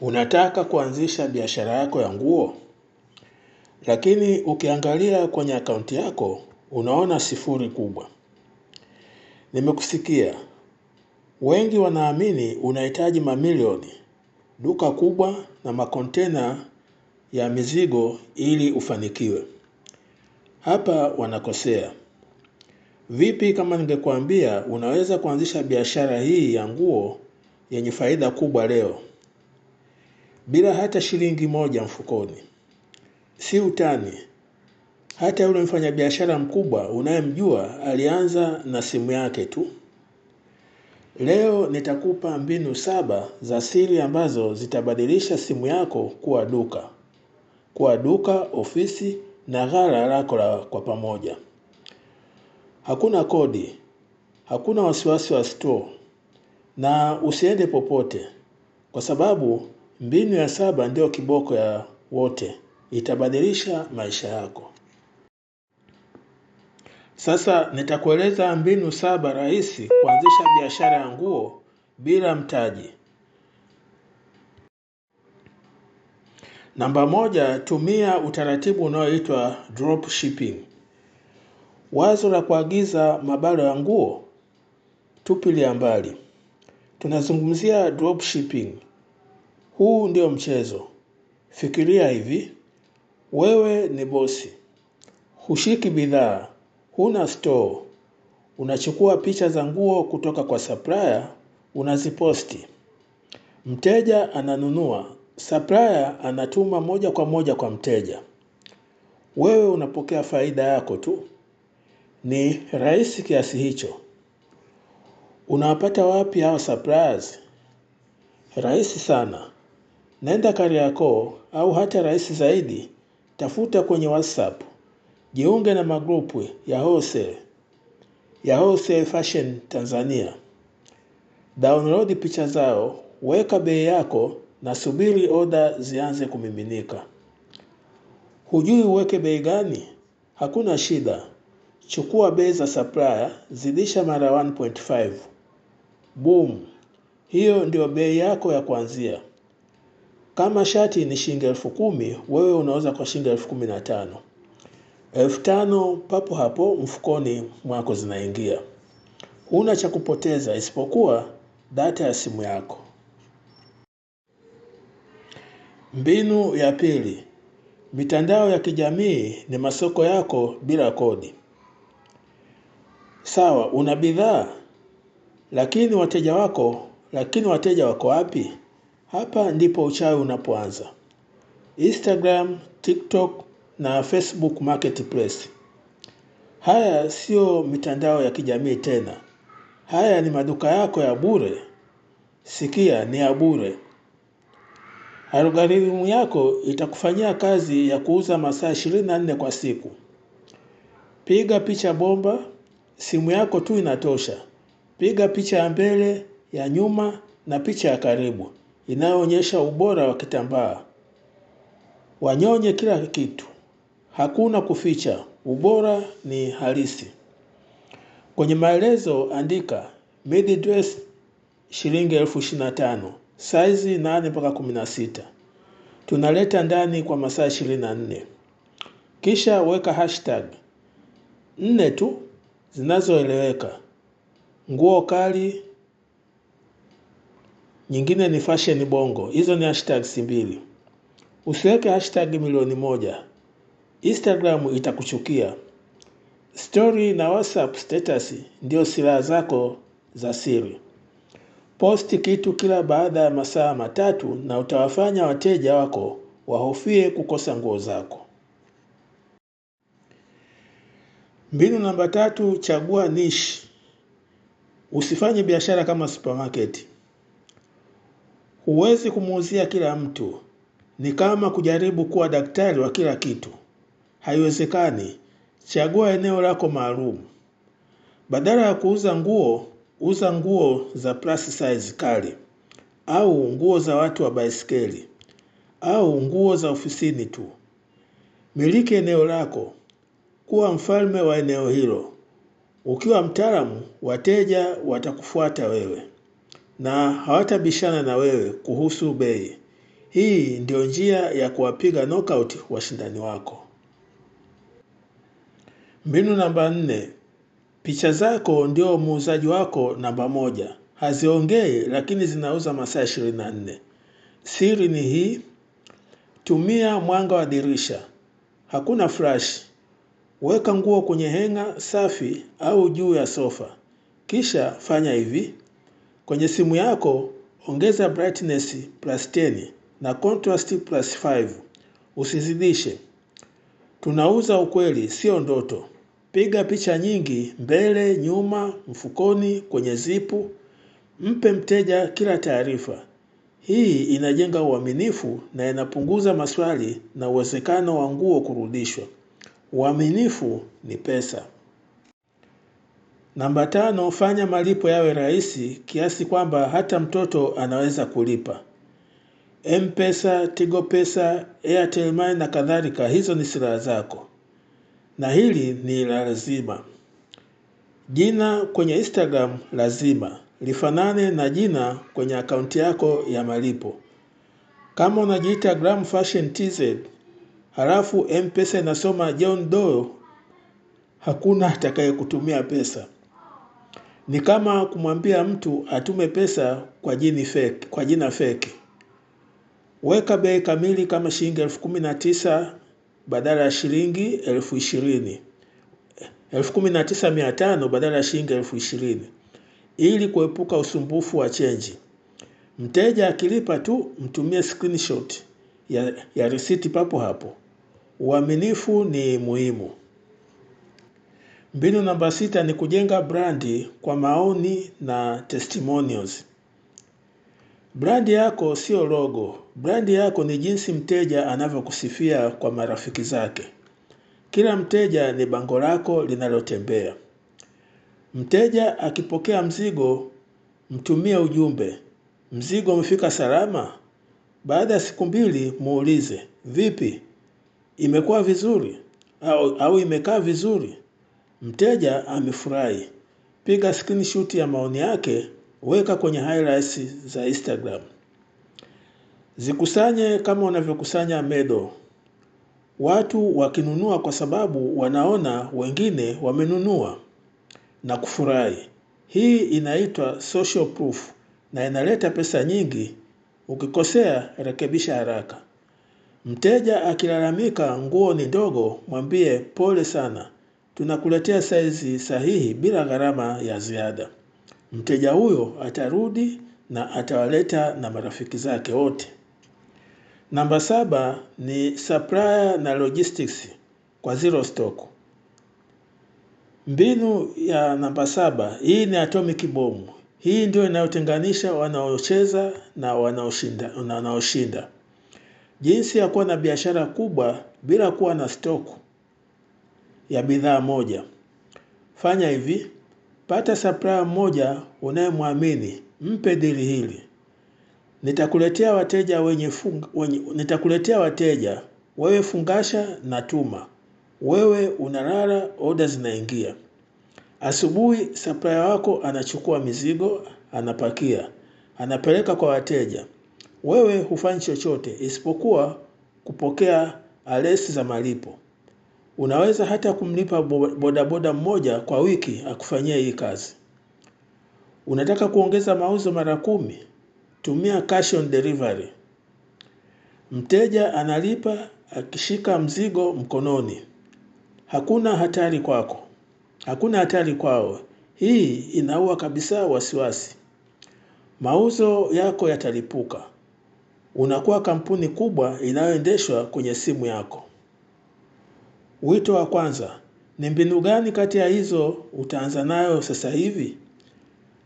Unataka kuanzisha biashara yako ya nguo, lakini ukiangalia kwenye akaunti yako unaona sifuri kubwa. Nimekusikia wengi wanaamini unahitaji mamilioni, duka kubwa na makontena ya mizigo ili ufanikiwe. Hapa wanakosea. Vipi kama ningekuambia unaweza kuanzisha biashara hii ya nguo yenye faida kubwa leo bila hata shilingi moja mfukoni. Si utani, hata yule mfanyabiashara mkubwa unayemjua alianza na simu yake tu. Leo nitakupa mbinu saba za siri ambazo zitabadilisha simu yako kuwa duka, kuwa duka, ofisi na ghala lako la kwa pamoja. Hakuna kodi, hakuna wasiwasi wa store, na usiende popote, kwa sababu Mbinu ya saba ndiyo kiboko ya wote, itabadilisha maisha yako. Sasa nitakueleza mbinu saba rahisi kuanzisha biashara ya nguo bila mtaji. Namba moja, tumia utaratibu unaoitwa drop shipping. Wazo la kuagiza mabalo ya nguo tupilia mbali. Tunazungumzia drop shipping huu ndio mchezo. Fikiria hivi, wewe ni bosi, hushiki bidhaa, huna store, unachukua picha za nguo kutoka kwa supplier, unaziposti. Mteja ananunua, supplier anatuma moja kwa moja kwa mteja. Wewe unapokea faida yako tu. Ni rahisi kiasi hicho. Unawapata wapi hao suppliers? Rahisi sana. Nenda Kariakoo au hata rahisi zaidi, tafuta kwenye WhatsApp, jiunge na magrupu ya wholesale ya Wholesale Fashion Tanzania, download picha zao, weka bei yako na subiri oda zianze kumiminika. Hujui uweke bei gani? Hakuna shida, chukua bei za supplier, zidisha mara 1.5. Boom, hiyo ndio bei yako ya kuanzia. Kama shati ni shilingi elfu kumi, wewe unauza kwa shilingi elfu kumi na tano. Elfu tano papo hapo mfukoni mwako zinaingia. Huna cha kupoteza isipokuwa data ya simu yako. Mbinu ya pili, mitandao ya kijamii ni masoko yako bila kodi. Sawa, una bidhaa lakini wateja wako, lakini wateja wako wapi? Hapa ndipo uchawi unapoanza. Instagram, TikTok na Facebook Marketplace. Haya siyo mitandao ya kijamii tena, haya ni maduka yako ya bure. Sikia, ni ya bure. Algorithm yako itakufanyia kazi ya kuuza masaa 24 kwa siku. Piga picha bomba, simu yako tu inatosha. Piga picha ya mbele, ya nyuma na picha ya karibu inayoonyesha ubora wa kitambaa. Wanyonye kila kitu, hakuna kuficha, ubora ni halisi. Kwenye maelezo andika midi dress shilingi elfu ishirini na tano saizi nane mpaka kumi na sita tunaleta ndani kwa masaa ishirini na nne kisha weka hashtag nne tu zinazoeleweka: nguo kali, nyingine ni fashion bongo. Hizo ni hashtags mbili. Usiweke hashtag milioni moja, Instagram itakuchukia. Story na WhatsApp status ndio silaha zako za siri. Posti kitu kila baada ya masaa matatu na utawafanya wateja wako wahofie kukosa nguo zako. Mbinu namba tatu, chagua niche. Usifanye biashara kama supermarket. Huwezi kumuuzia kila mtu, ni kama kujaribu kuwa daktari wa kila kitu. Haiwezekani. Chagua eneo lako maalum. Badala ya kuuza nguo, uza nguo za plus size kali, au nguo za watu wa baisikeli, au nguo za ofisini tu. Miliki eneo lako, kuwa mfalme wa eneo hilo. Ukiwa mtaalamu, wateja watakufuata wewe na hawatabishana na wewe kuhusu bei. Hii ndio njia ya kuwapiga knockout washindani wako. Mbinu namba nne: picha zako ndio muuzaji wako namba moja. Haziongei lakini zinauza masaa nne Siri ni hii: tumia mwanga wa dirisha, hakuna flash. Weka nguo kwenye henga safi au juu ya sofa, kisha fanya hivi. Kwenye simu yako ongeza brightness plus 10 na contrast plus 5, usizidishe. Tunauza ukweli, sio ndoto. Piga picha nyingi, mbele, nyuma, mfukoni, kwenye zipu. Mpe mteja kila taarifa. Hii inajenga uaminifu na inapunguza maswali na uwezekano wa nguo kurudishwa. Uaminifu ni pesa. Namba tano, fanya malipo yawe rahisi kiasi kwamba hata mtoto anaweza kulipa. M-Pesa, Tigo Pesa, Airtel Money na kadhalika, hizo ni silaha zako, na hili ni la lazima. Jina kwenye Instagram lazima lifanane na jina kwenye akaunti yako ya malipo. Kama unajiita Gram Fashion TZ halafu M-Pesa inasoma John Doe, hakuna atakayekutumia pesa. Ni kama kumwambia mtu atume pesa kwa jini fake, kwa jina feki. Weka bei kamili kama shilingi elfu kumi na tisa badala ya shilingi elfu ishirini elfu kumi na tisa mia tano badala ya shilingi elfu ishirini ili kuepuka usumbufu wa chenji. Mteja akilipa tu mtumie screenshot ya, ya risiti papo hapo. Uaminifu ni muhimu. Mbinu namba sita ni kujenga brandi kwa maoni na testimonials. Brandi yako sio logo. Brandi yako ni jinsi mteja anavyokusifia kwa marafiki zake. Kila mteja ni bango lako linalotembea. Mteja akipokea mzigo, mtumie ujumbe. Mzigo umefika salama? Baada ya siku mbili muulize, vipi? Imekuwa vizuri? Au imekaa vizuri? Mteja amefurahi. Piga screenshot ya maoni yake, weka kwenye highlights za Instagram. Zikusanye kama unavyokusanya medo. Watu wakinunua kwa sababu wanaona wengine wamenunua na kufurahi. Hii inaitwa social proof na inaleta pesa nyingi. Ukikosea, rekebisha haraka. Mteja akilalamika nguo ni ndogo, mwambie pole sana, tunakuletea saizi sahihi bila gharama ya ziada. Mteja huyo atarudi na atawaleta na marafiki zake wote. Namba saba ni supplier na logistics kwa zero stock. Mbinu ya namba saba hii ni atomic bomu. Hii ndio inayotenganisha wanaocheza na wanaoshinda, wanaoshinda. Jinsi ya kuwa na biashara kubwa bila kuwa na stoku ya bidhaa moja. Fanya hivi, pata supplier mmoja unayemwamini, mpe dili hili. Nitakuletea wateja wenye, fung, wenye nitakuletea wateja wewe fungasha na tuma, wewe unalala, oda zinaingia. Asubuhi supplier wako anachukua mizigo, anapakia, anapeleka kwa wateja. Wewe hufanyi chochote isipokuwa kupokea alesi za malipo. Unaweza hata kumlipa bodaboda mmoja kwa wiki akufanyia hii kazi. Unataka kuongeza mauzo mara kumi? Tumia cash on delivery. Mteja analipa akishika mzigo mkononi. Hakuna hatari kwako, hakuna hatari kwao. Hii inaua kabisa wasiwasi. Mauzo yako yatalipuka. Unakuwa kampuni kubwa inayoendeshwa kwenye simu yako. Wito wa kwanza ni mbinu gani kati ya hizo utaanza nayo sasa hivi?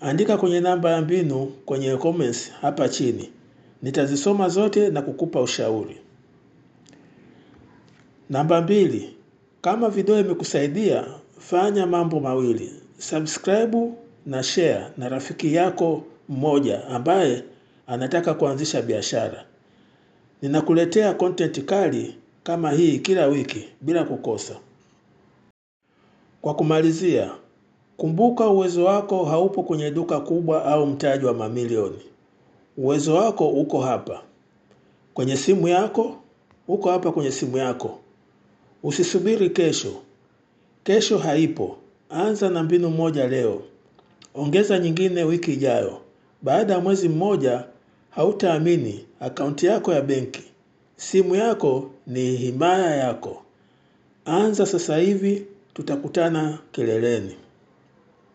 Andika kwenye namba ya mbinu kwenye comments hapa chini. Nitazisoma zote na kukupa ushauri. Namba mbili, kama video imekusaidia, fanya mambo mawili. Subscribe na share na rafiki yako mmoja ambaye anataka kuanzisha biashara. Ninakuletea content kali kama hii kila wiki bila kukosa. Kwa kumalizia, kumbuka uwezo wako haupo kwenye duka kubwa au mtaji wa mamilioni. Uwezo wako uko hapa kwenye simu yako, uko hapa kwenye simu yako. Usisubiri kesho, kesho haipo. Anza na mbinu moja leo, ongeza nyingine wiki ijayo. Baada ya mwezi mmoja, hautaamini akaunti yako ya benki Simu yako ni himaya yako. Anza sasa hivi, tutakutana kileleni.